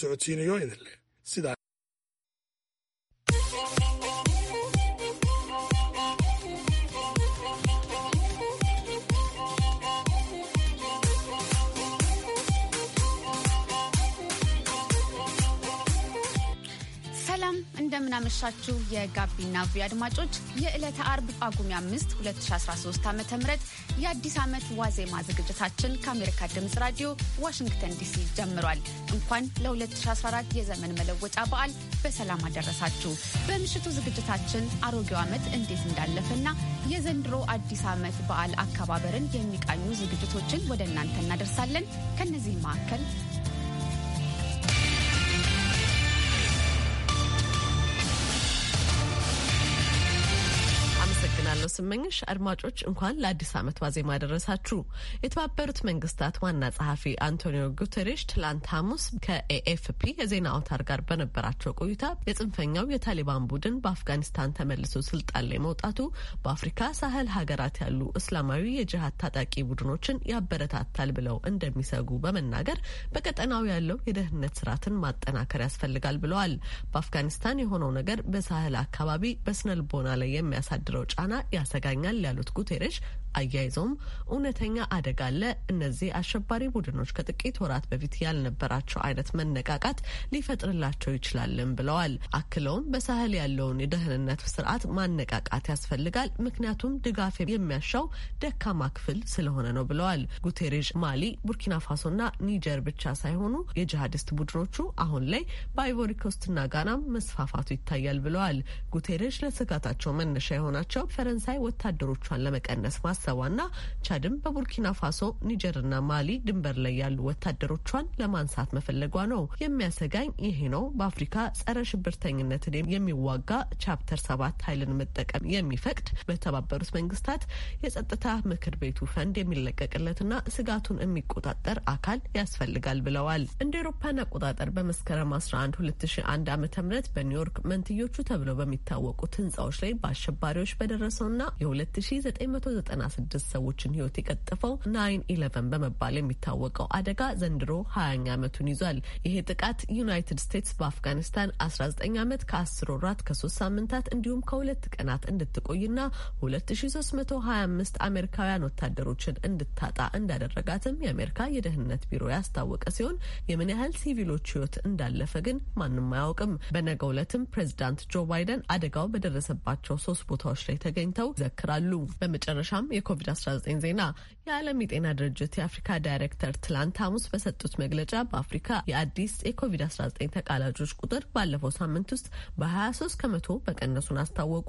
socodsiinayo idinleh sidaa እንደምናመሻችሁ የጋቢና ቪ አድማጮች የዕለተ አርብ ጳጉሜ 5 2013 ዓ ም የአዲስ ዓመት ዋዜማ ዝግጅታችን ከአሜሪካ ድምፅ ራዲዮ ዋሽንግተን ዲሲ ጀምሯል። እንኳን ለ2014 የዘመን መለወጫ በዓል በሰላም አደረሳችሁ። በምሽቱ ዝግጅታችን አሮጌው ዓመት እንዴት እንዳለፈና የዘንድሮ አዲስ ዓመት በዓል አከባበርን የሚቃኙ ዝግጅቶችን ወደ እናንተ እናደርሳለን። ከእነዚህ መካከል አመሰግናለሁ ስመኝሽ። አድማጮች እንኳን ለአዲስ ዓመት ዋዜማ ደረሳችሁ። የተባበሩት መንግስታት ዋና ጸሐፊ አንቶኒዮ ጉተሬሽ ትላንት ሐሙስ ከኤኤፍፒ የዜና አውታር ጋር በነበራቸው ቆይታ የጽንፈኛው የታሊባን ቡድን በአፍጋኒስታን ተመልሶ ስልጣን ላይ መውጣቱ በአፍሪካ ሳህል ሀገራት ያሉ እስላማዊ የጅሃድ ታጣቂ ቡድኖችን ያበረታታል ብለው እንደሚሰጉ በመናገር በቀጠናው ያለው የደህንነት ስርዓትን ማጠናከር ያስፈልጋል ብለዋል። በአፍጋኒስታን የሆነው ነገር በሳህል አካባቢ በስነልቦና ላይ የሚያሳድረው ጫና ያሰጋኛል ያሉት ጉቴሬሽ አያይዘውም እውነተኛ አደጋ አለ። እነዚህ አሸባሪ ቡድኖች ከጥቂት ወራት በፊት ያልነበራቸው አይነት መነቃቃት ሊፈጥርላቸው ይችላልም ብለዋል። አክለውም በሳህል ያለውን የደህንነት ስርዓት ማነቃቃት ያስፈልጋል፣ ምክንያቱም ድጋፍ የሚያሻው ደካማ ክፍል ስለሆነ ነው ብለዋል። ጉቴሬሽ ማሊ፣ ቡርኪና ፋሶና ኒጀር ብቻ ሳይሆኑ የጂሃዲስት ቡድኖቹ አሁን ላይ በአይቮሪኮስትና ጋናም መስፋፋቱ ይታያል ብለዋል። ጉቴሬሽ ለስጋታቸው መነሻ የሆናቸው ፈረንሳይ ወታደሮቿን ለመቀነስ ማሰቧና ቻድም በቡርኪና ፋሶ፣ ኒጀርና ማሊ ድንበር ላይ ያሉ ወታደሮቿን ለማንሳት መፈለጓ ነው። የሚያሰጋኝ ይሄ ነው። በአፍሪካ ጸረ ሽብርተኝነትን የሚዋጋ ቻፕተር ሰባት ኃይልን መጠቀም የሚፈቅድ በተባበሩት መንግስታት የጸጥታ ምክር ቤቱ ፈንድ የሚለቀቅለትና ስጋቱን የሚቆጣጠር አካል ያስፈልጋል ብለዋል። እንደ ኤሮፓን አቆጣጠር በመስከረም 11 2001 ዓ ም በኒውዮርክ መንትዮቹ ተብለው በሚታወቁት ህንጻዎች ላይ በአሸባሪዎች በደረሰው የሆነውና የ2996 ሰዎችን ህይወት የቀጠፈው ናይን ኢለቨን በመባል የሚታወቀው አደጋ ዘንድሮ 20ኛ ዓመቱን ይዟል። ይሄ ጥቃት ዩናይትድ ስቴትስ በአፍጋኒስታን 19 ዓመት ከ10 ወራት ከ3 ሳምንታት እንዲሁም ከሁለት ቀናት እንድትቆይና 2325 አሜሪካውያን ወታደሮችን እንድታጣ እንዳደረጋትም የአሜሪካ የደህንነት ቢሮ ያስታወቀ ሲሆን የምን ያህል ሲቪሎች ህይወት እንዳለፈ ግን ማንም አያውቅም። በነገው ዕለትም ፕሬዚዳንት ጆ ባይደን አደጋው በደረሰባቸው ሶስት ቦታዎች ላይ ተገኝ አግኝተው ይዘክራሉ። በመጨረሻም የኮቪድ-19 ዜና የዓለም የጤና ድርጅት የአፍሪካ ዳይሬክተር ትላንት ሐሙስ በሰጡት መግለጫ በአፍሪካ የአዲስ የኮቪድ-19 ተቃላጆች ቁጥር ባለፈው ሳምንት ውስጥ በ23 ከመቶ መቀነሱን አስታወቁ።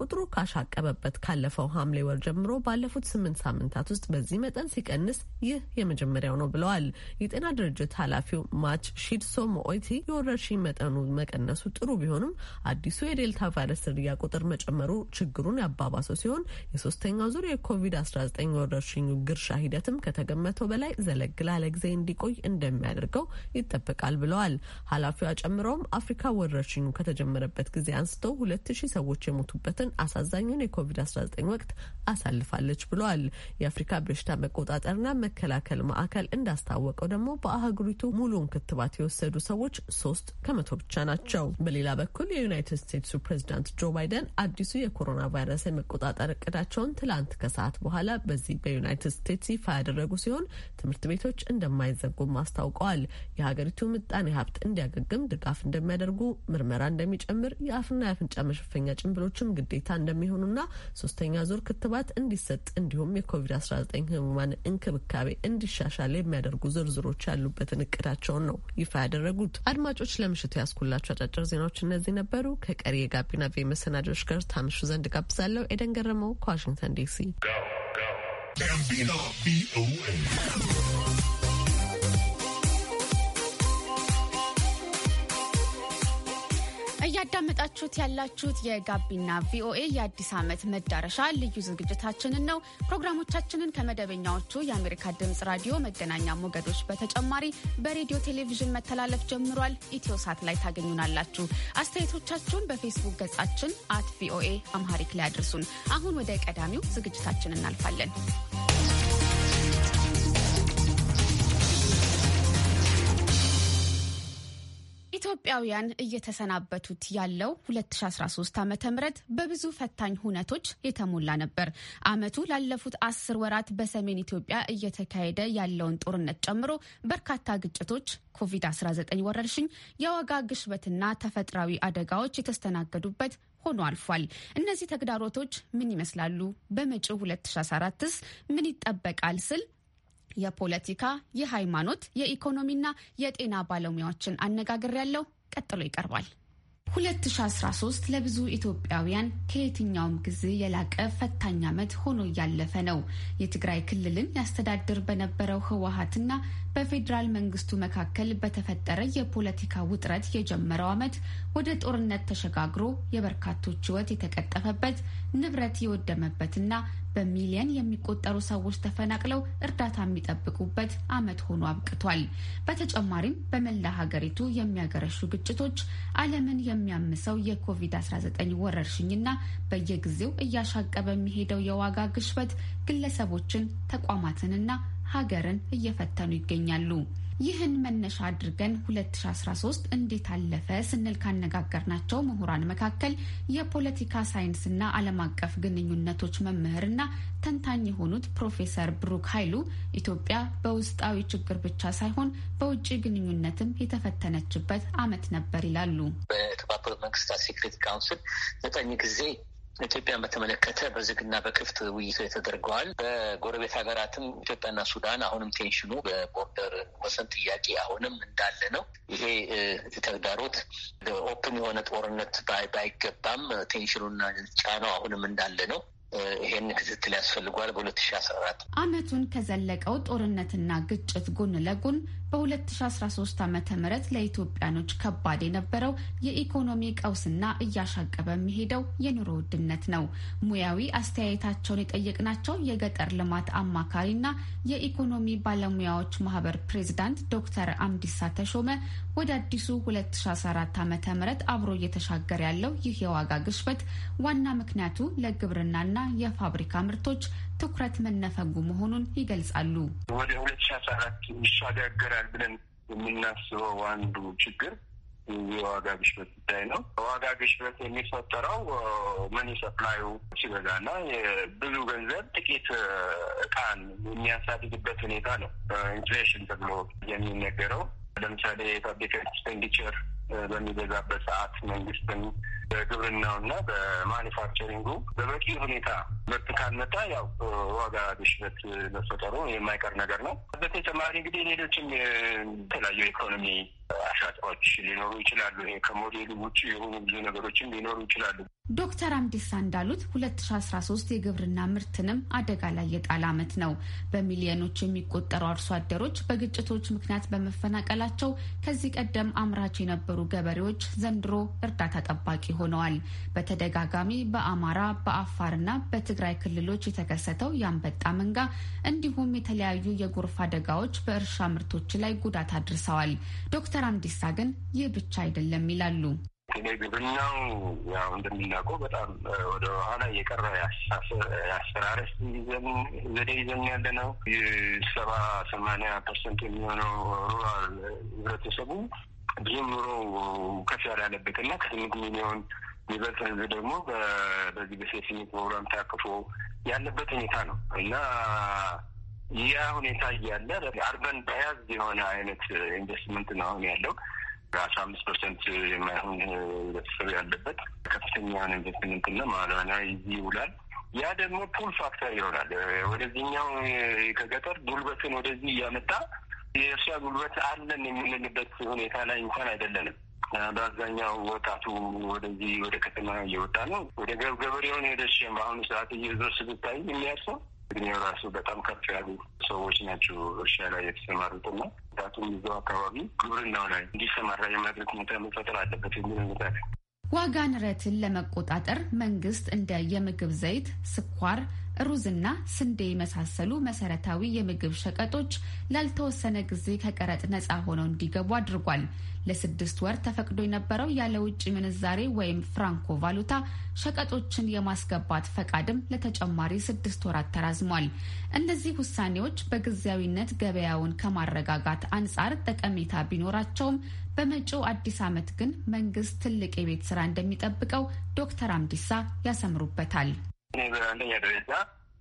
ቁጥሩ ካሻቀበበት ካለፈው ሐምሌ ወር ጀምሮ ባለፉት ስምንት ሳምንታት ውስጥ በዚህ መጠን ሲቀንስ ይህ የመጀመሪያው ነው ብለዋል። የጤና ድርጅት ኃላፊው ማች ሺድሶ ሞኦይቲ የወረርሽኝ መጠኑ መቀነሱ ጥሩ ቢሆንም አዲሱ የዴልታ ቫይረስ ዝርያ ቁጥር መጨመሩ ችግሩን ያባ ያባባሰው ሲሆን የሶስተኛው ዙር የኮቪድ-19 ወረርሽኙ ግርሻ ሂደትም ከተገመተው በላይ ዘለግ ላለ ጊዜ እንዲቆይ እንደሚያደርገው ይጠበቃል ብለዋል። ኃላፊዋ አጨምረውም አፍሪካ ወረርሽኙ ከተጀመረበት ጊዜ አንስቶ ሁለት ሺህ ሰዎች የሞቱበትን አሳዛኙን የኮቪድ-19 ወቅት አሳልፋለች ብለዋል። የአፍሪካ በሽታ መቆጣጠርና መከላከል ማዕከል እንዳስታወቀው ደግሞ በአህጉሪቱ ሙሉውን ክትባት የወሰዱ ሰዎች ሶስት ከመቶ ብቻ ናቸው። በሌላ በኩል የዩናይትድ ስቴትሱ ፕሬዚዳንት ጆ ባይደን አዲሱ የኮሮና ቫይረስን የመቆጣጠር እቅዳቸውን ትላንት ከሰዓት በኋላ በዚህ በዩናይትድ ስቴትስ ይፋ ያደረጉ ሲሆን ትምህርት ቤቶች እንደማይዘጉም አስታውቀዋል። የሀገሪቱ ምጣኔ ሀብት እንዲያገግም ድጋፍ እንደሚያደርጉ፣ ምርመራ እንደሚጨምር፣ የአፍና የአፍንጫ መሸፈኛ ጭንብሎችም ግዴታ እንደሚሆኑና ሶስተኛ ዙር ክትባት እንዲሰጥ እንዲሁም የኮቪድ-19 ህሙማን እንክብካቤ እንዲሻሻል የሚያደርጉ ዝርዝሮች ያሉበትን እቅዳቸውን ነው ይፋ ያደረጉት። አድማጮች ለምሽቱ ያስኩላቸው አጫጭር ዜናዎች እነዚህ ነበሩ። ከቀሪ የጋቢና ቪ መሰናዶች ጋር ታምሹ ዘንድ ጋብዛለሁ። ኤደን ገረመው ከዋሽንግተን ዲሲ እያዳመጣችሁት ያላችሁት የጋቢና ቪኦኤ የአዲስ ዓመት መዳረሻ ልዩ ዝግጅታችንን ነው። ፕሮግራሞቻችንን ከመደበኛዎቹ የአሜሪካ ድምፅ ራዲዮ መገናኛ ሞገዶች በተጨማሪ በሬዲዮ ቴሌቪዥን መተላለፍ ጀምሯል። ኢትዮ ሳት ላይ ታገኙናላችሁ። አስተያየቶቻችሁን በፌስቡክ ገጻችን አት ቪኦኤ አምሃሪክ ላይ አድርሱን። አሁን ወደ ቀዳሚው ዝግጅታችን እናልፋለን። ኢትዮጵያውያን እየተሰናበቱት ያለው 2013 ዓ ም በብዙ ፈታኝ ሁነቶች የተሞላ ነበር። አመቱ ላለፉት አስር ወራት በሰሜን ኢትዮጵያ እየተካሄደ ያለውን ጦርነት ጨምሮ በርካታ ግጭቶች፣ ኮቪድ-19 ወረርሽኝ፣ የዋጋ ግሽበትና ተፈጥሯዊ አደጋዎች የተስተናገዱበት ሆኖ አልፏል። እነዚህ ተግዳሮቶች ምን ይመስላሉ? በመጪው 2014ስ ምን ይጠበቃል? ስል የፖለቲካ፣ የሃይማኖት፣ የኢኮኖሚና የጤና ባለሙያዎችን አነጋግር ያለው ቀጥሎ ይቀርባል። 2013 ለብዙ ኢትዮጵያውያን ከየትኛውም ጊዜ የላቀ ፈታኝ ዓመት ሆኖ እያለፈ ነው። የትግራይ ክልልን ያስተዳድር በነበረው ህወሀትና በፌዴራል መንግስቱ መካከል በተፈጠረ የፖለቲካ ውጥረት የጀመረው ዓመት ወደ ጦርነት ተሸጋግሮ የበርካቶች ህይወት የተቀጠፈበት ንብረት የወደመበትና በሚሊየን የሚቆጠሩ ሰዎች ተፈናቅለው እርዳታ የሚጠብቁበት ዓመት ሆኖ አብቅቷል። በተጨማሪም በመላ ሀገሪቱ የሚያገረሹ ግጭቶች፣ ዓለምን የሚያምሰው የኮቪድ-19 ወረርሽኝና በየጊዜው እያሻቀበ የሚሄደው የዋጋ ግሽበት ግለሰቦችን ተቋማትንና ሀገርን እየፈተኑ ይገኛሉ። ይህን መነሻ አድርገን 2013 እንዴት አለፈ ስንል ካነጋገርናቸው ምሁራን መካከል የፖለቲካ ሳይንስና ዓለም አቀፍ ግንኙነቶች መምህርና ተንታኝ የሆኑት ፕሮፌሰር ብሩክ ኃይሉ ኢትዮጵያ በውስጣዊ ችግር ብቻ ሳይሆን በውጭ ግንኙነትም የተፈተነችበት ዓመት ነበር ይላሉ። በተባበሩት መንግስታት ሴክሬት ካውንስል ዘጠኝ ጊዜ ኢትዮጵያን በተመለከተ በዝግና በክፍት ውይይቶ ተደርገዋል። በጎረቤት ሀገራትም ኢትዮጵያና ሱዳን አሁንም ቴንሽኑ በቦርደር ወሰን ጥያቄ አሁንም እንዳለ ነው። ይሄ ተግዳሮት ኦፕን የሆነ ጦርነት ባይገባም ቴንሽኑና ጫናው አሁንም እንዳለ ነው። ይሄን ክትትል ያስፈልጓል። በ2014 አመቱን ከዘለቀው ጦርነትና ግጭት ጎን ለጎን በ2013 ዓ ም ለኢትዮጵያኖች ከባድ የነበረው የኢኮኖሚ ቀውስና እያሻቀበ የሚሄደው የኑሮ ውድነት ነው። ሙያዊ አስተያየታቸውን የጠየቅናቸው የገጠር ልማት አማካሪና የኢኮኖሚ ባለሙያዎች ማህበር ፕሬዚዳንት ዶክተር አምዲሳ ተሾመ ወደ አዲሱ 2014 ዓ ም አብሮ እየተሻገረ ያለው ይህ የዋጋ ግሽበት ዋና ምክንያቱ ለግብርናና የፋብሪካ ምርቶች ትኩረት መነፈጉ መሆኑን ይገልጻሉ። ወደ ሁለት ሺ አስራ አራት ይሻጋገራል ብለን የምናስበው አንዱ ችግር የዋጋ ግሽበት ጉዳይ ነው። ዋጋ ግሽበት የሚፈጠረው መኒ ሰፕላዩ ሲበዛና ብዙ ገንዘብ ጥቂት እቃን የሚያሳድግበት ሁኔታ ነው። ኢንፍሌሽን ተብሎ የሚነገረው ለምሳሌ የፋብሪካ ኤክስፔንዲቸር በሚገዛበት ሰዓት መንግስትን በግብርናውና በማኒፋክቸሪንጉ በበቂ ሁኔታ ምርት ካልመጣ ያው ዋጋ ግሽበት መፈጠሩ የማይቀር ነገር ነው። በተጨማሪ እንግዲህ ሌሎችም የተለያዩ ኢኮኖሚ አሻጫዎች ሊኖሩ ይችላሉ። ይሄ ከሞዴሉ ውጭ የሆኑ ብዙ ነገሮችም ሊኖሩ ይችላሉ። ዶክተር አምዲሳ እንዳሉት 2013 የግብርና ምርትንም አደጋ ላይ የጣለ ዓመት ነው። በሚሊዮኖች የሚቆጠሩ አርሶ አደሮች በግጭቶች ምክንያት በመፈናቀላቸው ከዚህ ቀደም አምራች የነበሩ የነበሩ ገበሬዎች ዘንድሮ እርዳታ ጠባቂ ሆነዋል። በተደጋጋሚ በአማራ በአፋርና በትግራይ ክልሎች የተከሰተው የአንበጣ መንጋ እንዲሁም የተለያዩ የጎርፍ አደጋዎች በእርሻ ምርቶች ላይ ጉዳት አድርሰዋል። ዶክተር አንዲሳ ግን ይህ ብቻ አይደለም ይላሉ። ግብርናው ያው እንደምናውቀው በጣም ወደ ኋላ የቀረ የአሰራረስ ይዘን ዘዴ ይዘን ያለ ነው። ሰባ ሰማንያ ፐርሰንት የሚሆነው ሩራል ህብረተሰቡ ብዙም ኑሮ ከፍ ያለበት እና ከስምንት ሚሊዮን የሚበልጥ ህዝብ ደግሞ በዚህ በሴፍቲኔት ፕሮግራም ታቅፎ ያለበት ሁኔታ ነው እና ያ ሁኔታ እያለ አርበን በያዝ የሆነ አይነት ኢንቨስትመንት ነው አሁን ያለው። አስራ አምስት ፐርሰንት የማይሆን ህብረተሰብ ያለበት ከፍተኛውን ኢንቨስትመንት እና ማለና እዚህ ይውላል። ያ ደግሞ ፑል ፋክተር ይሆናል። ወደዚህኛው ከገጠር ጉልበትን ወደዚህ እያመጣ የእርሻ ጉልበት አለን የምንልበት ሁኔታ ላይ እንኳን አይደለንም። በአብዛኛው ወጣቱ ወደዚህ ወደ ከተማ እየወጣ ነው። ወደ ገበሬውን ሄደሽ በአሁኑ ሰዓት እየዞርሽ ብታይ የሚያርሰው ግን የራሱ በጣም ከፍ ያሉ ሰዎች ናቸው እርሻ ላይ የተሰማሩትና ወጣቱም እዛው አካባቢ ግብርናው ላይ እንዲሰማራ የማድረግ ሁኔታ መፈጠር አለበት የሚል ሁኔታ ዋጋ ንረትን ለመቆጣጠር መንግስት እንደ የምግብ ዘይት፣ ስኳር ሩዝና ስንዴ የመሳሰሉ መሰረታዊ የምግብ ሸቀጦች ላልተወሰነ ጊዜ ከቀረጥ ነጻ ሆነው እንዲገቡ አድርጓል። ለስድስት ወር ተፈቅዶ የነበረው ያለ ውጭ ምንዛሬ ወይም ፍራንኮ ቫሉታ ሸቀጦችን የማስገባት ፈቃድም ለተጨማሪ ስድስት ወራት ተራዝሟል። እነዚህ ውሳኔዎች በጊዜያዊነት ገበያውን ከማረጋጋት አንጻር ጠቀሜታ ቢኖራቸውም በመጪው አዲስ ዓመት ግን መንግስት ትልቅ የቤት ስራ እንደሚጠብቀው ዶክተር አምዲሳ ያሰምሩበታል። እኔ በአንደኛ ደረጃ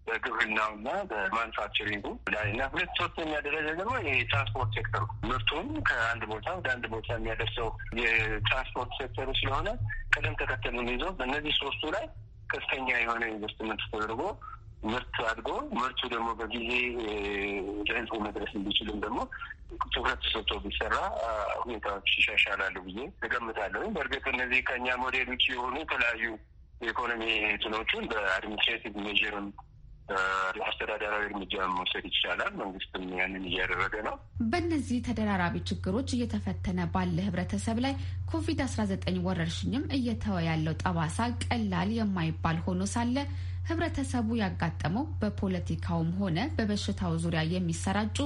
በግብርናው በግብርናውና በማኑፋክቸሪንጉ ላይ እና ሁለት ሶስተኛ ደረጃ ደግሞ የትራንስፖርት ሴክተሩ ምርቱን ከአንድ ቦታ ወደ አንድ ቦታ የሚያደርሰው የትራንስፖርት ሴክተሩ ስለሆነ ቀደም ተከተሉን ይዞ በእነዚህ ሶስቱ ላይ ከፍተኛ የሆነ ኢንቨስትመንት ተደርጎ ምርት አድጎ ምርቱ ደግሞ በጊዜ ለህዝቡ መድረስ እንዲችልም ደግሞ ትኩረት ሰጥቶ ቢሰራ ሁኔታዎች ይሻሻላሉ ብዬ እገምታለሁ። በእርግጥ እነዚህ ከእኛ ሞዴል ውጭ የሆኑ የተለያዩ የኢኮኖሚ እንትኖቹን በአድሚኒስትሬቲቭ ሜዥርም አስተዳደራዊ እርምጃ መውሰድ ይቻላል። መንግስትም ያንን እያደረገ ነው። በእነዚህ ተደራራቢ ችግሮች እየተፈተነ ባለ ህብረተሰብ ላይ ኮቪድ አስራ ዘጠኝ ወረርሽኝም እየተወ ያለው ጠባሳ ቀላል የማይባል ሆኖ ሳለ ህብረተሰቡ ያጋጠመው በፖለቲካውም ሆነ በበሽታው ዙሪያ የሚሰራጩ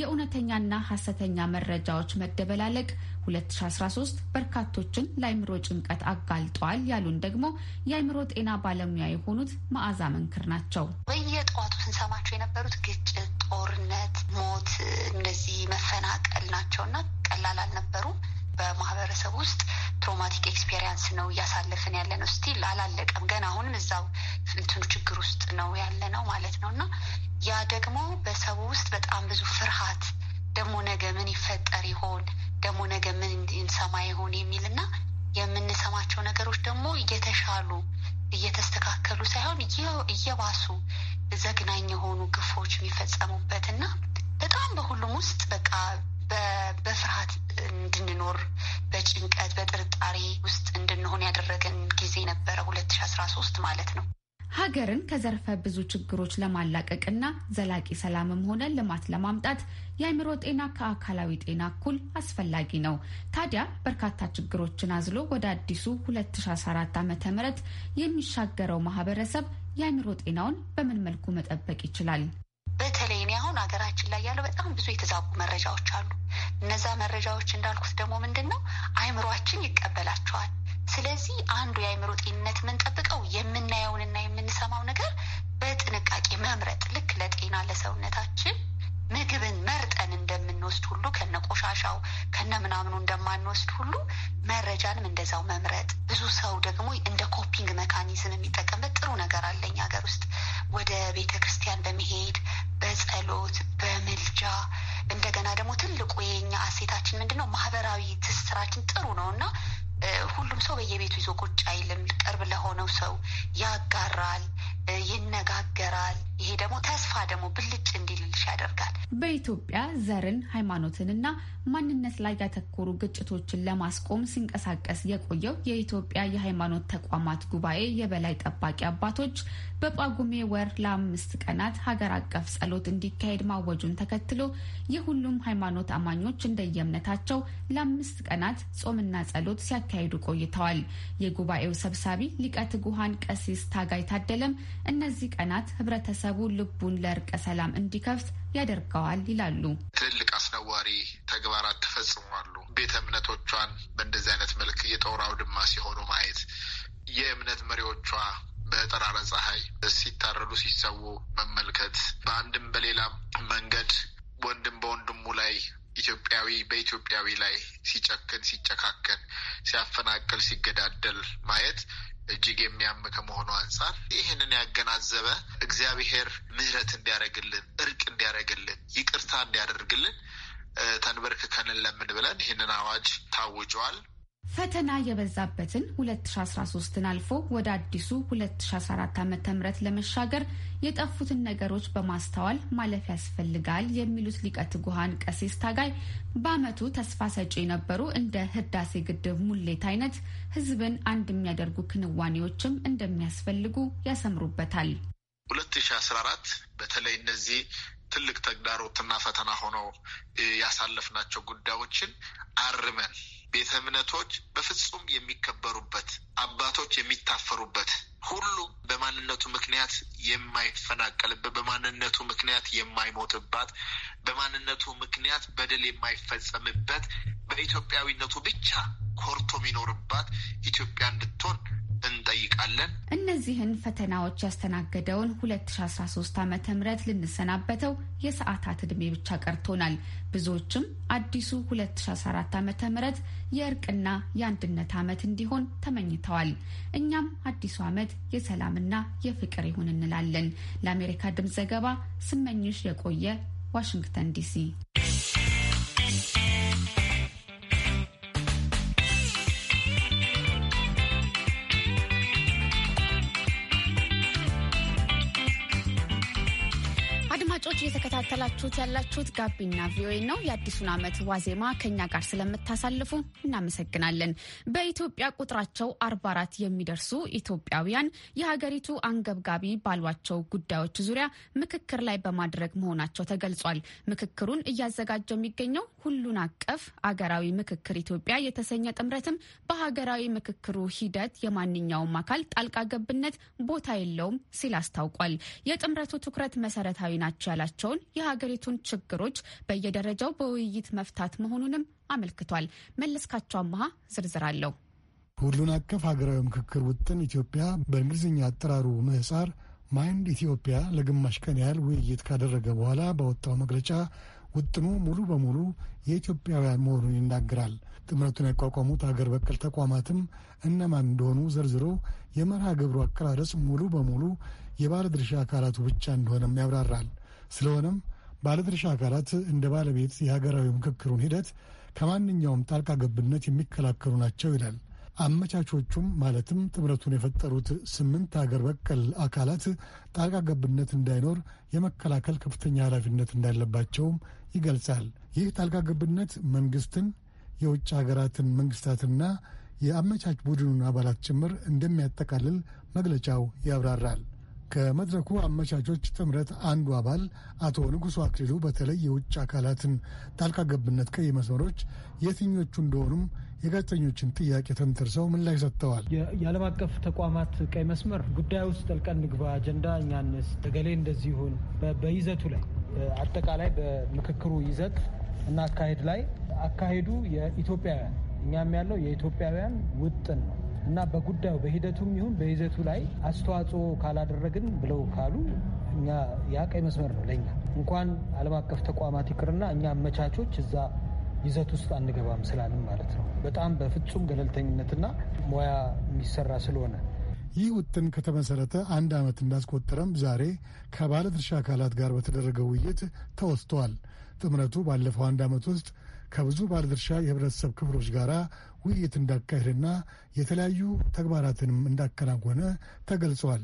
የእውነተኛና ሀሰተኛ መረጃዎች መደበላለቅ 2013 በርካቶችን ለአይምሮ ጭንቀት አጋልጧል ያሉን ደግሞ የአይምሮ ጤና ባለሙያ የሆኑት መዓዛ መንክር ናቸው። በየጠዋቱ ስንሰማቸው የነበሩት ግጭት፣ ጦርነት፣ ሞት፣ እነዚህ መፈናቀል ናቸውና ቀላል አልነበሩም። በማህበረሰብ ውስጥ ትሮማቲክ ኤክስፔሪንስ ነው እያሳለፍን ያለ ነው። ስቲል አላለቀም። ገና አሁንም እዛው እንትኑ ችግር ውስጥ ነው ያለ ነው ማለት ነው እና ያ ደግሞ በሰው ውስጥ በጣም ብዙ ፍርሃት ደግሞ ነገ ምን ይፈጠር ይሆን ደግሞ ነገ ምን እንሰማ ይሆን የሚልና የምንሰማቸው ነገሮች ደግሞ እየተሻሉ እየተስተካከሉ ሳይሆን እየባሱ ዘግናኝ የሆኑ ግፎች የሚፈጸሙበት እና በጣም በሁሉም ውስጥ በቃ በፍርሃት እንድንኖር በጭንቀት በጥርጣሬ ውስጥ እንድንሆን ያደረገን ጊዜ ነበረ ሁለት ሺ አስራ ሶስት ማለት ነው። ሀገርን ከዘርፈ ብዙ ችግሮች ለማላቀቅና ዘላቂ ሰላምም ሆነ ልማት ለማምጣት የአእምሮ ጤና ከአካላዊ ጤና እኩል አስፈላጊ ነው። ታዲያ በርካታ ችግሮችን አዝሎ ወደ አዲሱ 2014 ዓ ም የሚሻገረው ማህበረሰብ የአእምሮ ጤናውን በምን መልኩ መጠበቅ ይችላል? በተለይ እኔ አሁን ሀገራችን ላይ ያለው በጣም ብዙ የተዛቡ መረጃዎች አሉ። እነዛ መረጃዎች እንዳልኩት ደግሞ ምንድን ነው አእምሯችን ይቀበላቸዋል ስለዚህ አንዱ የአእምሮ ጤንነት የምንጠብቀው የምናየውንና የምንሰማው ነገር በጥንቃቄ መምረጥ ልክ ለጤና ለሰውነታችን ምግብን መርጠን እንደምንወስድ ሁሉ ከነ ቆሻሻው ከነ ምናምኑ እንደማንወስድ ሁሉ መረጃንም እንደዛው መምረጥ። ብዙ ሰው ደግሞ እንደ ኮፒንግ መካኒዝም የሚጠቀምበት ጥሩ ነገር አለኝ ሀገር ውስጥ ወደ ቤተ ክርስቲያን በመሄድ በጸሎት በምልጃ እንደገና ደግሞ ትልቁ የኛ አሴታችን ምንድን ነው? ማህበራዊ ትስስራችን ጥሩ ነው እና ሁሉም ሰው በየቤቱ ይዞ ቁጭ አይልም። ቅርብ ለሆነው ሰው ያጋራል፣ ይነጋገራል። ይሄ ደግሞ ተስፋ ደግሞ ብልጭ እንዲልልሽ ያደርጋል። በኢትዮጵያ ዘርን ሃይማኖትንና ማንነት ላይ ያተኮሩ ግጭቶችን ለማስቆም ሲንቀሳቀስ የቆየው የኢትዮጵያ የሃይማኖት ተቋማት ጉባኤ የበላይ ጠባቂ አባቶች በጳጉሜ ወር ለአምስት ቀናት ሀገር አቀፍ ጸሎት እንዲካሄድ ማወጁን ተከትሎ የሁሉም ሃይማኖት አማኞች እንደየእምነታቸው ለአምስት ቀናት ጾምና ጸሎት ሲያካ ሲያካሂዱ ቆይተዋል። የጉባኤው ሰብሳቢ ሊቀ ትጉሃን ቀሲስ ታጋይ ታደለም እነዚህ ቀናት ህብረተሰቡ ልቡን ለእርቀ ሰላም እንዲከፍት ያደርገዋል ይላሉ። ትልልቅ አስነዋሪ ተግባራት ተፈጽሟሉ። ቤተ እምነቶቿን በእንደዚህ አይነት መልክ የጦር አውድማ ሲሆኑ ማየት የእምነት መሪዎቿ በጠራረ ፀሐይ ሲታረዱ ሲሰዉ መመልከት በአንድም በሌላም መንገድ ወንድም በወንድሙ ላይ ኢትዮጵያዊ በኢትዮጵያዊ ላይ ሲጨክን፣ ሲጨካከን፣ ሲያፈናቅል፣ ሲገዳደል ማየት እጅግ የሚያም ከመሆኑ አንጻር ይህንን ያገናዘበ እግዚአብሔር ምሕረት እንዲያደርግልን፣ እርቅ እንዲያደርግልን፣ ይቅርታ እንዲያደርግልን ተንበርክከን ለምን ብለን ይህንን አዋጅ ታውጇል። ፈተና የበዛበትን 2013ን አልፎ ወደ አዲሱ 2014 ዓ ም ለመሻገር የጠፉትን ነገሮች በማስተዋል ማለፍ ያስፈልጋል የሚሉት ሊቀ ትጉሃን ቀሲስ ታጋይ በአመቱ ተስፋ ሰጪ የነበሩ እንደ ህዳሴ ግድብ ሙሌት አይነት ህዝብን አንድ የሚያደርጉ ክንዋኔዎችም እንደሚያስፈልጉ ያሰምሩበታል። 2014 በተለይ እነዚህ ትልቅ ተግዳሮትና ፈተና ሆነው ያሳለፍናቸው ጉዳዮችን አርመን ቤተ እምነቶች በፍጹም የሚከበሩበት፣ አባቶች የሚታፈሩበት፣ ሁሉ በማንነቱ ምክንያት የማይፈናቀልበት፣ በማንነቱ ምክንያት የማይሞትባት፣ በማንነቱ ምክንያት በደል የማይፈጸምበት፣ በኢትዮጵያዊነቱ ብቻ ኮርቶ የሚኖርባት ኢትዮጵያ እንድትሆን እንጠይቃለን። እነዚህን ፈተናዎች ያስተናገደውን 2013 ዓ ም ልንሰናበተው የሰዓታት ዕድሜ ብቻ ቀርቶናል። ብዙዎችም አዲሱ 2014 ዓ ም የእርቅና የአንድነት ዓመት እንዲሆን ተመኝተዋል። እኛም አዲሱ ዓመት የሰላምና የፍቅር ይሁን እንላለን። ለአሜሪካ ድምፅ ዘገባ ስመኝሽ የቆየ ዋሽንግተን ዲሲ እየተከታተላችሁት ያላችሁት ጋቢና ቪኦኤ ነው። የአዲሱን ዓመት ዋዜማ ከኛ ጋር ስለምታሳልፉ እናመሰግናለን። በኢትዮጵያ ቁጥራቸው አርባ የሚደርሱ ኢትዮጵያውያን የሀገሪቱ አንገብጋቢ ባሏቸው ጉዳዮች ዙሪያ ምክክር ላይ በማድረግ መሆናቸው ተገልጿል። ምክክሩን እያዘጋጀው የሚገኘው ሁሉን አቀፍ አገራዊ ምክክር ኢትዮጵያ የተሰኘ ጥምረትም በሀገራዊ ምክክሩ ሂደት የማንኛውም አካል ጣልቃ ገብነት ቦታ የለውም ሲል አስታውቋል። የጥምረቱ ትኩረት መሰረታዊ ናቸው ያላቸውን የሀገሪቱን ችግሮች በየደረጃው በውይይት መፍታት መሆኑንም አመልክቷል። መለስካቸው አመሀ ዝርዝር አለው። ሁሉን አቀፍ ሀገራዊ ምክክር ውጥን ኢትዮጵያ በእንግሊዝኛ አጠራሩ ምህጻር ማይንድ ኢትዮጵያ ለግማሽ ቀን ያህል ውይይት ካደረገ በኋላ በወጣው መግለጫ ውጥኑ ሙሉ በሙሉ የኢትዮጵያውያን መሆኑን ይናገራል። ጥምረቱን ያቋቋሙት ሀገር በቀል ተቋማትም እነማን እንደሆኑ ዘርዝሮ የመርሃ ግብሩ አቀራረጽ ሙሉ በሙሉ የባለድርሻ አካላቱ ብቻ እንደሆነም ያብራራል። ስለሆነም ባለድርሻ አካላት እንደ ባለቤት የሀገራዊ ምክክሩን ሂደት ከማንኛውም ጣልቃ ገብነት የሚከላከሉ ናቸው ይላል። አመቻቾቹም ማለትም ጥምረቱን የፈጠሩት ስምንት ሀገር በቀል አካላት ጣልቃ ገብነት እንዳይኖር የመከላከል ከፍተኛ ኃላፊነት እንዳለባቸውም ይገልጻል። ይህ ጣልቃ ገብነት መንግስትን፣ የውጭ ሀገራትን መንግስታትና የአመቻች ቡድኑን አባላት ጭምር እንደሚያጠቃልል መግለጫው ያብራራል። ከመድረኩ አመቻቾች ጥምረት አንዱ አባል አቶ ንጉሱ አክሊሉ በተለይ የውጭ አካላትን ጣልቃ ገብነት ቀይ መስመሮች የትኞቹ እንደሆኑም የጋዜጠኞችን ጥያቄ ተንትርሰው ምላሽ ሰጥተዋል። የዓለም አቀፍ ተቋማት ቀይ መስመር ጉዳይ ውስጥ ጠልቀን ንግባ፣ አጀንዳ እኛ ተገሌ እንደዚህ ይሁን፣ በይዘቱ ላይ አጠቃላይ በምክክሩ ይዘት እና አካሄድ ላይ አካሄዱ የኢትዮጵያውያን እኛም ያለው የኢትዮጵያውያን ውጥን ነው እና በጉዳዩ በሂደቱም ይሁን በይዘቱ ላይ አስተዋጽኦ ካላደረግን ብለው ካሉ እኛ ያ ቀይ መስመር ነው ለኛ እንኳን ዓለም አቀፍ ተቋማት ይቅርና እኛ መቻቾች እዛ ይዘት ውስጥ አንገባም ስላልን ማለት ነው። በጣም በፍጹም ገለልተኝነትና ሙያ የሚሰራ ስለሆነ ይህ ውጥን ከተመሰረተ አንድ ዓመት እንዳስቆጠረም ዛሬ ከባለ ድርሻ አካላት ጋር በተደረገው ውይይት ተወስቷል። ጥምረቱ ባለፈው አንድ ዓመት ውስጥ ከብዙ ባለድርሻ የህብረተሰብ ክፍሎች ጋር ውይይት እንዳካሄደና የተለያዩ ተግባራትንም እንዳከናወነ ተገልጿል።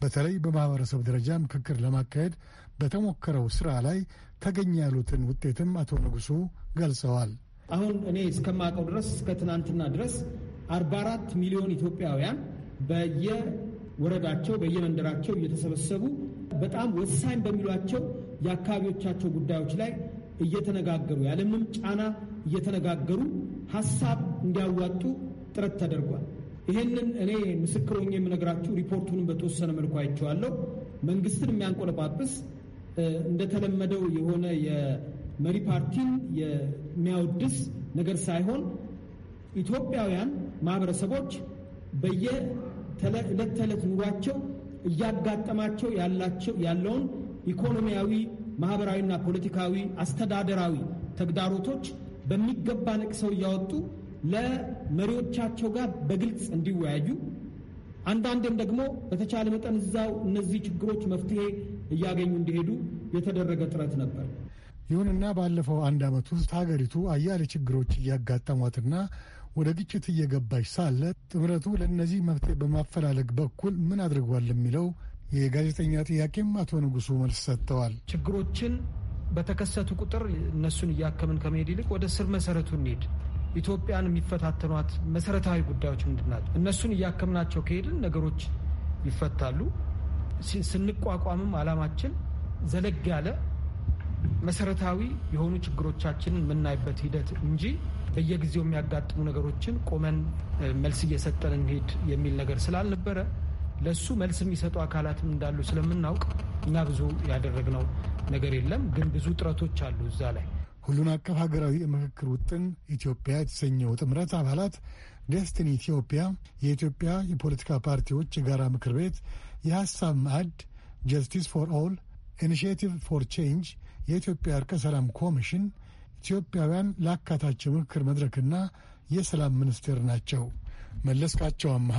በተለይ በማህበረሰብ ደረጃ ምክክር ለማካሄድ በተሞከረው ስራ ላይ ተገኘ ያሉትን ውጤትም አቶ ንጉሱ ገልጸዋል። አሁን እኔ እስከማውቀው ድረስ እስከ ትናንትና ድረስ 44 ሚሊዮን ኢትዮጵያውያን በየወረዳቸው በየመንደራቸው እየተሰበሰቡ በጣም ወሳኝ በሚሏቸው የአካባቢዎቻቸው ጉዳዮች ላይ እየተነጋገሩ ያለምንም ጫና እየተነጋገሩ ሀሳብ እንዲያዋጡ ጥረት ተደርጓል። ይህንን እኔ ምስክር ሆኜ የምነግራችሁ ሪፖርቱንም በተወሰነ መልኩ አይቼዋለሁ። መንግስትን የሚያንቆለጳጵስ እንደተለመደው የሆነ የመሪ ፓርቲን የሚያወድስ ነገር ሳይሆን ኢትዮጵያውያን ማህበረሰቦች በየዕለት ተዕለት ኑሯቸው እያጋጠማቸው ያለውን ኢኮኖሚያዊ፣ ማህበራዊና ፖለቲካዊ አስተዳደራዊ ተግዳሮቶች በሚገባ ነቅሰው እያወጡ ለመሪዎቻቸው ጋር በግልጽ እንዲወያዩ አንዳንድም ደግሞ በተቻለ መጠን እዛው እነዚህ ችግሮች መፍትሄ እያገኙ እንዲሄዱ የተደረገ ጥረት ነበር። ይሁንና ባለፈው አንድ ዓመት ውስጥ ሀገሪቱ አያሌ ችግሮች እያጋጠሟትና ወደ ግጭት እየገባች ሳለ ጥምረቱ ለእነዚህ መፍትሄ በማፈላለግ በኩል ምን አድርጓል የሚለው የጋዜጠኛ ጥያቄም አቶ ንጉሱ መልስ ሰጥተዋል። ችግሮችን በተከሰቱ ቁጥር እነሱን እያከምን ከመሄድ ይልቅ ወደ ስር መሰረቱ እንሄድ። ኢትዮጵያን የሚፈታተኗት መሰረታዊ ጉዳዮች ምንድን ናቸው? እነሱን እያከምናቸው ከሄድን ነገሮች ይፈታሉ። ስንቋቋምም አላማችን ዘለግ ያለ መሰረታዊ የሆኑ ችግሮቻችንን የምናይበት ሂደት እንጂ በየጊዜው የሚያጋጥሙ ነገሮችን ቆመን መልስ እየሰጠን እንሄድ የሚል ነገር ስላልነበረ ለሱ መልስ የሚሰጡ አካላትም እንዳሉ ስለምናውቅ እኛ ብዙ ያደረግነው ነገር የለም። ግን ብዙ ጥረቶች አሉ እዛ ላይ ሁሉን አቀፍ ሀገራዊ የምክክር ውጥን ኢትዮጵያ የተሰኘው ጥምረት አባላት ደስቲኒ ኢትዮጵያ፣ የኢትዮጵያ የፖለቲካ ፓርቲዎች የጋራ ምክር ቤት፣ የሐሳብ ማዕድ፣ ጀስቲስ ፎር ኦል፣ ኢኒሽቲቭ ፎር ቼንጅ፣ የኢትዮጵያ እርቀ ሰላም ኮሚሽን፣ ኢትዮጵያውያን ለአካታቸው ምክክር መድረክና የሰላም ሚኒስቴር ናቸው። መለስካቸው አምሃ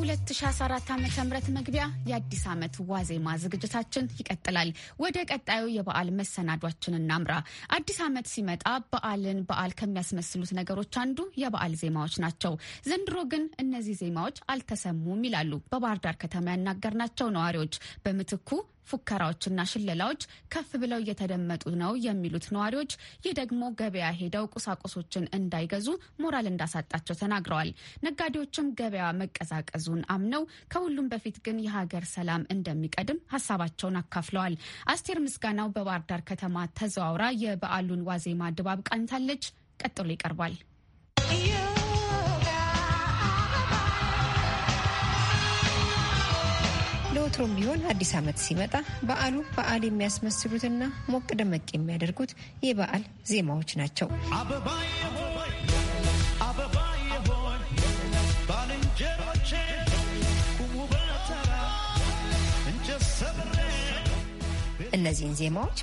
2014 ዓ ም መግቢያ የአዲስ ዓመት ዋዜማ ዝግጅታችን ይቀጥላል። ወደ ቀጣዩ የበዓል መሰናዷችን እናምራ። አዲስ ዓመት ሲመጣ በዓልን በዓል ከሚያስመስሉት ነገሮች አንዱ የበዓል ዜማዎች ናቸው። ዘንድሮ ግን እነዚህ ዜማዎች አልተሰሙም ይላሉ በባህር ዳር ከተማ ያናገርናቸው ነዋሪዎች። በምትኩ ፉከራዎችና ሽለላዎች ከፍ ብለው እየተደመጡ ነው የሚሉት ነዋሪዎች፣ ይህ ደግሞ ገበያ ሄደው ቁሳቁሶችን እንዳይገዙ ሞራል እንዳሳጣቸው ተናግረዋል። ነጋዴዎችም ገበያ መቀዛቀዙን አምነው ከሁሉም በፊት ግን የሀገር ሰላም እንደሚቀድም ሀሳባቸውን አካፍለዋል። አስቴር ምስጋናው በባህር ዳር ከተማ ተዘዋውራ የበዓሉን ዋዜማ ድባብ ቃኝታለች። ቀጥሎ ይቀርባል። ለወትሮም ቢሆን አዲስ ዓመት ሲመጣ በዓሉ በዓል የሚያስመስሉትና ሞቅ ደመቅ የሚያደርጉት የበዓል ዜማዎች ናቸው። እነዚህን ዜማዎች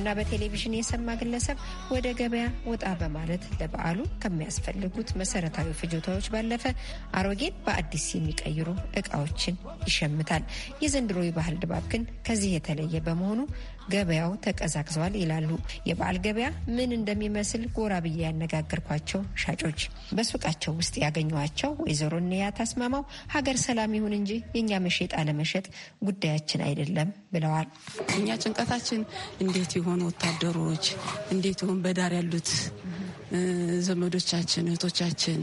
እና በቴሌቪዥን የሰማ ግለሰብ ወደ ገበያ ወጣ በማለት ለበዓሉ ከሚያስፈልጉት መሰረታዊ ፍጆታዎች ባለፈ አሮጌን በአዲስ የሚቀይሩ እቃዎችን ይሸምታል። የዘንድሮ የባህል ድባብ ግን ከዚህ የተለየ በመሆኑ ገበያው ተቀዛቅዘዋል ይላሉ። የበዓል ገበያ ምን እንደሚመስል ጎራ ብዬ ያነጋገርኳቸው ሻጮች በሱቃቸው ውስጥ ያገኟቸው ወይዘሮ እንያ ታስማማው ሀገር ሰላም ይሁን እንጂ የእኛ መሸጥ አለመሸጥ ጉዳያችን አይደለም ብለዋል። እኛ ጭንቀታችን እንዴት ይሆን ወታደሮች፣ እንዴት ይሆን በዳር ያሉት ዘመዶቻችን፣ እህቶቻችን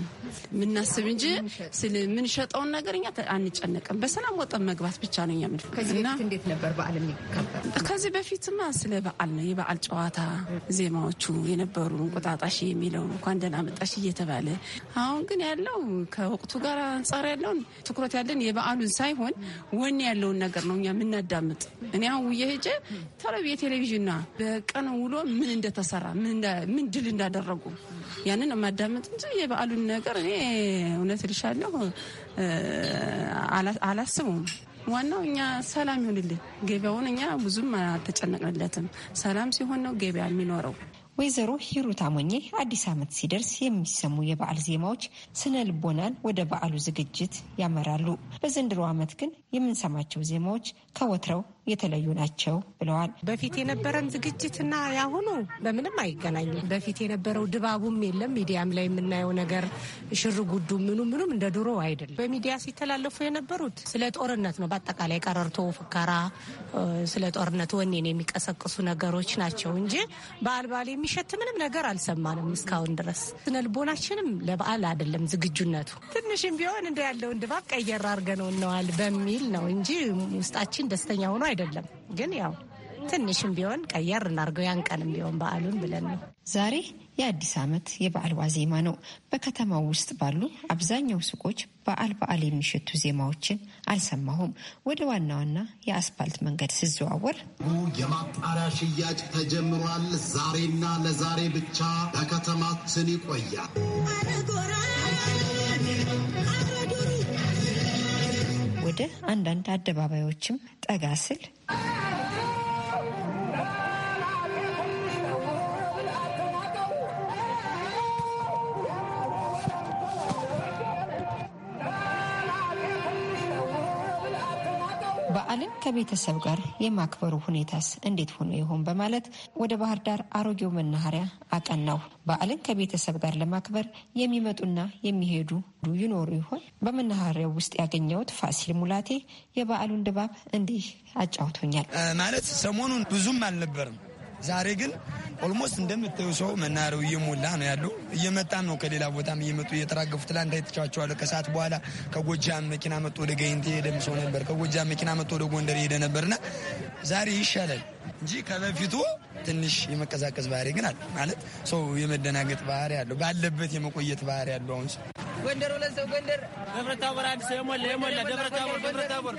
የምናስብ እንጂ የምንሸጠውን ነገር እኛ አንጨነቅም። በሰላም ወጠን መግባት ብቻ ነው እኛ እንዴት ነበር በዓል የሚከበር? ከዚህ በፊትማ ስለ በዓል ነው የበዓል ጨዋታ ዜማዎቹ የነበሩ እንቁጣጣሽ የሚለው እንኳን ደህና መጣሽ እየተባለ አሁን ግን ያለው ከወቅቱ ጋር አንጻር ያለውን ትኩረት ያለን የበዓሉን ሳይሆን ወኔ ያለውን ነገር ነው እኛ የምናዳምጥ። እኔ አሁን ውዬ ሄጄ የቴሌቪዥንና በቀን ውሎ ምን እንደተሰራ ምን ድል እንዳደረጉ ያንን የማዳመጥ እንጂ የበዓሉን ነገር እኔ እውነት ልሻለሁ አላስቡም። ዋናው እኛ ሰላም ይሁንልን። ገበያውን እኛ ብዙም አልተጨነቅንለትም። ሰላም ሲሆን ነው ገበያ የሚኖረው። ወይዘሮ ሂሩት አሞኜ አዲስ ዓመት ሲደርስ የሚሰሙ የበዓል ዜማዎች ስነ ልቦናን ወደ በዓሉ ዝግጅት ያመራሉ። በዘንድሮ ዓመት ግን የምንሰማቸው ዜማዎች ከወትረው የተለዩ ናቸው ብለዋል። በፊት የነበረን ዝግጅትና ያሁኑ በምንም አይገናኝም። በፊት የነበረው ድባቡም የለም። ሚዲያም ላይ የምናየው ነገር ሽር ጉዱ ምኑ ምኑም እንደ ድሮ አይደለም። በሚዲያ ሲተላለፉ የነበሩት ስለ ጦርነት ነው። በአጠቃላይ ቀረርቶ፣ ፉከራ፣ ስለ ጦርነት ወኔን የሚቀሰቅሱ ነገሮች ናቸው እንጂ በዓል በዓል የሚሸት ምንም ነገር አልሰማንም እስካሁን ድረስ። ስነልቦናችንም ለበዓል አይደለም ዝግጁነቱ ትንሽም ቢሆን እንደ ያለውን ድባብ ቀየር ነው እነዋል በሚል ነው እንጂ ውስጣችን ደስተኛ ሆኖ አይደለም፣ ግን ያው ትንሽም ቢሆን ቀየር እናርገው ያን ቀንም ቢሆን በዓሉን ብለን ነው። ዛሬ የአዲስ ዓመት የበዓል ዋዜማ ነው። በከተማው ውስጥ ባሉ አብዛኛው ሱቆች በዓል በዓል የሚሸቱ ዜማዎችን አልሰማሁም። ወደ ዋና ዋና የአስፓልት መንገድ ስዘዋወር የማጣሪያ ሽያጭ ተጀምሯል። ዛሬና ለዛሬ ብቻ በከተማችን ይቆያል። ወደ አንዳንድ አደባባዮችም ጠጋ ስል በዓልን ከቤተሰብ ጋር የማክበሩ ሁኔታስ እንዴት ሆኖ ይሆን በማለት ወደ ባህር ዳር አሮጌው መናኸሪያ አቀናው። በዓልን ከቤተሰብ ጋር ለማክበር የሚመጡና የሚሄዱ ይኖሩ ይሆን? በመናኸሪያው ውስጥ ያገኘሁት ፋሲል ሙላቴ የበዓሉን ድባብ እንዲህ አጫውቶኛል። ማለት ሰሞኑን ብዙም አልነበርም። ዛሬ ግን ኦልሞስት እንደምታዩ ሰው መናኸሪያው እየሞላ ነው ያለው። እየመጣም ነው ከሌላ ቦታም እየመጡ እየተራገፉ ትላንት አይተቻቸዋለ። ከሰዓት በኋላ ከጎጃም መኪና መጥቶ ወደ ገይንቴ ሄደም ሰው ነበር። ከጎጃም መኪና መጥቶ ወደ ጎንደር የሄደ ነበርና ዛሬ ይሻላል እንጂ ከበፊቱ ትንሽ የመቀዛቀዝ ባህሪ ግን አለ። ማለት ሰው የመደናገጥ ባህሪ አለው፣ ባለበት የመቆየት ባህሪ አለው። አሁን ሰው ጎንደር ሁለት ሰው ጎንደር ደብረታቦር አንድ ሰው የሞላ የሞላ ደብረታቦር ደብረታቦር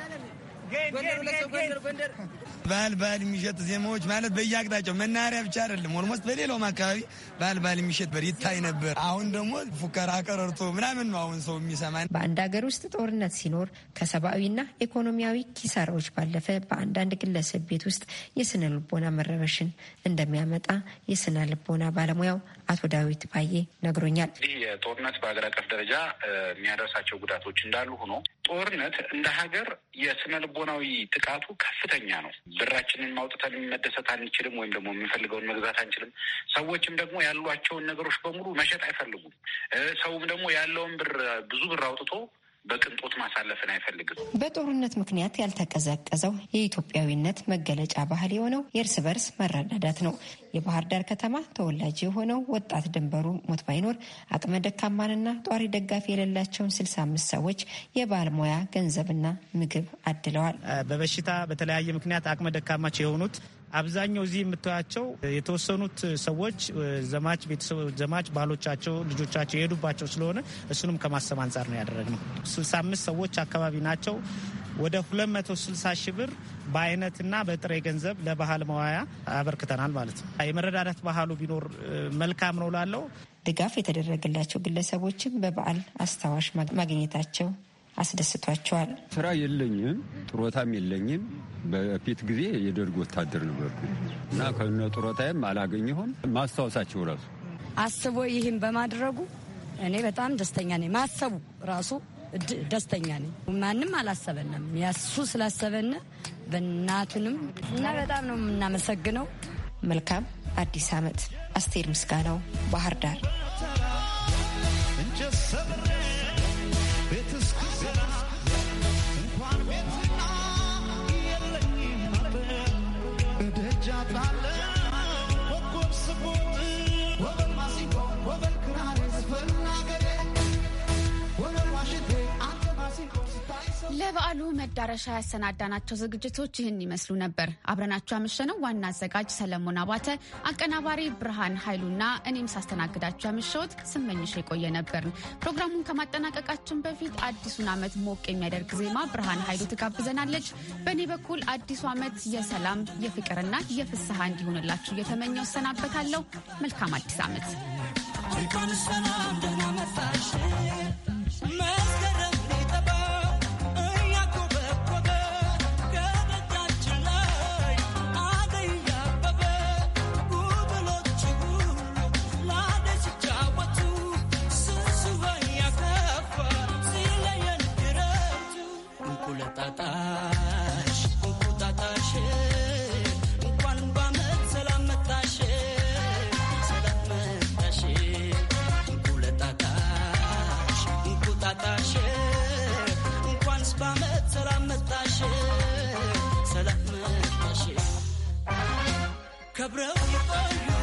ባህል ባህል የሚሸጥ ዜማዎች ማለት በየአቅጣጫው መናኸሪያ ብቻ አይደለም። ኦልሞስት በሌላውም አካባቢ ባህል ባህል የሚሸጥ በር ይታይ ነበር። አሁን ደግሞ ፉከራ ቀረርቶ ምናምን ነው አሁን ሰው የሚሰማ። በአንድ ሀገር ውስጥ ጦርነት ሲኖር ከሰብአዊና ኢኮኖሚያዊ ኪሳራዎች ባለፈ በአንዳንድ ግለሰብ ቤት ውስጥ የስነ ልቦና መረበሽን እንደሚያመጣ የስነ ልቦና ባለሙያው አቶ ዳዊት ባዬ ነግሮኛል። ይህ የጦርነት በሀገር አቀፍ ደረጃ የሚያደርሳቸው ጉዳቶች እንዳሉ ሆኖ ጦርነት እንደ ሀገር የስነ ልቦናዊ ጥቃቱ ከፍተኛ ነው። ብራችንን ማውጥተን መደሰት አንችልም፣ ወይም ደግሞ የምንፈልገውን መግዛት አንችልም። ሰዎችም ደግሞ ያሏቸውን ነገሮች በሙሉ መሸጥ አይፈልጉም። ሰውም ደግሞ ያለውን ብር ብዙ ብር አውጥቶ በቅንጦት ማሳለፍን አይፈልግም። በጦርነት ምክንያት ያልተቀዘቀዘው የኢትዮጵያዊነት መገለጫ ባህል የሆነው የእርስ በርስ መረዳዳት ነው። የባህር ዳር ከተማ ተወላጅ የሆነው ወጣት ድንበሩ ሞት ባይኖር አቅመ ደካማንና ጧሪ ደጋፊ የሌላቸውን ስልሳ አምስት ሰዎች የባለሙያ ገንዘብና ምግብ አድለዋል። በበሽታ በተለያየ ምክንያት አቅመ ደካማች የሆኑት አብዛኛው እዚህ የምታያቸው የተወሰኑት ሰዎች ዘማች ቤተሰብ ዘማች ባሎቻቸው ልጆቻቸው የሄዱባቸው ስለሆነ እሱንም ከማሰብ አንጻር ነው ያደረግነው። 65 ሰዎች አካባቢ ናቸው። ወደ 260 ሺህ ብር በአይነትና በጥሬ ገንዘብ ለባህል መዋያ አበርክተናል ማለት ነው። የመረዳዳት ባህሉ ቢኖር መልካም ነው ላለው ድጋፍ የተደረገላቸው ግለሰቦችም በበዓል አስታዋሽ ማግኘታቸው አስደስቷቸዋል። ስራ የለኝም፣ ጥሮታም የለኝም። በፊት ጊዜ የደርግ ወታደር ነበርኩ እና ከነ ጥሮታዬም አላገኘሁም። ማስታወሳቸው ራሱ አስቦ ይህን በማድረጉ እኔ በጣም ደስተኛ ነኝ። ማሰቡ ራሱ ደስተኛ ነኝ። ማንም አላሰበንም፣ ያሱ ስላሰበን በእናቱንም እና በጣም ነው የምናመሰግነው። መልካም አዲስ ዓመት። አስቴር ምስጋናው ባህር ዳር not ለበዓሉ መዳረሻ ያሰናዳናቸው ዝግጅቶች ይህን ይመስሉ ነበር። አብረናችሁ ያመሸነው ዋና አዘጋጅ ሰለሞን አባተ፣ አቀናባሪ ብርሃን ኃይሉና እኔም ሳስተናግዳችሁ ያመሸሁት ስመኝሽ የቆየ ነበር ፕሮግራሙን ከማጠናቀቃችን በፊት አዲሱን ዓመት ሞቅ የሚያደርግ ዜማ ብርሃን ኃይሉ ትጋብዘናለች። በእኔ በኩል አዲሱ ዓመት የሰላም የፍቅርና የፍስሐ እንዲሆንላችሁ እየተመኘው እሰናበታለሁ። መልካም አዲስ ዓመት። cabrão e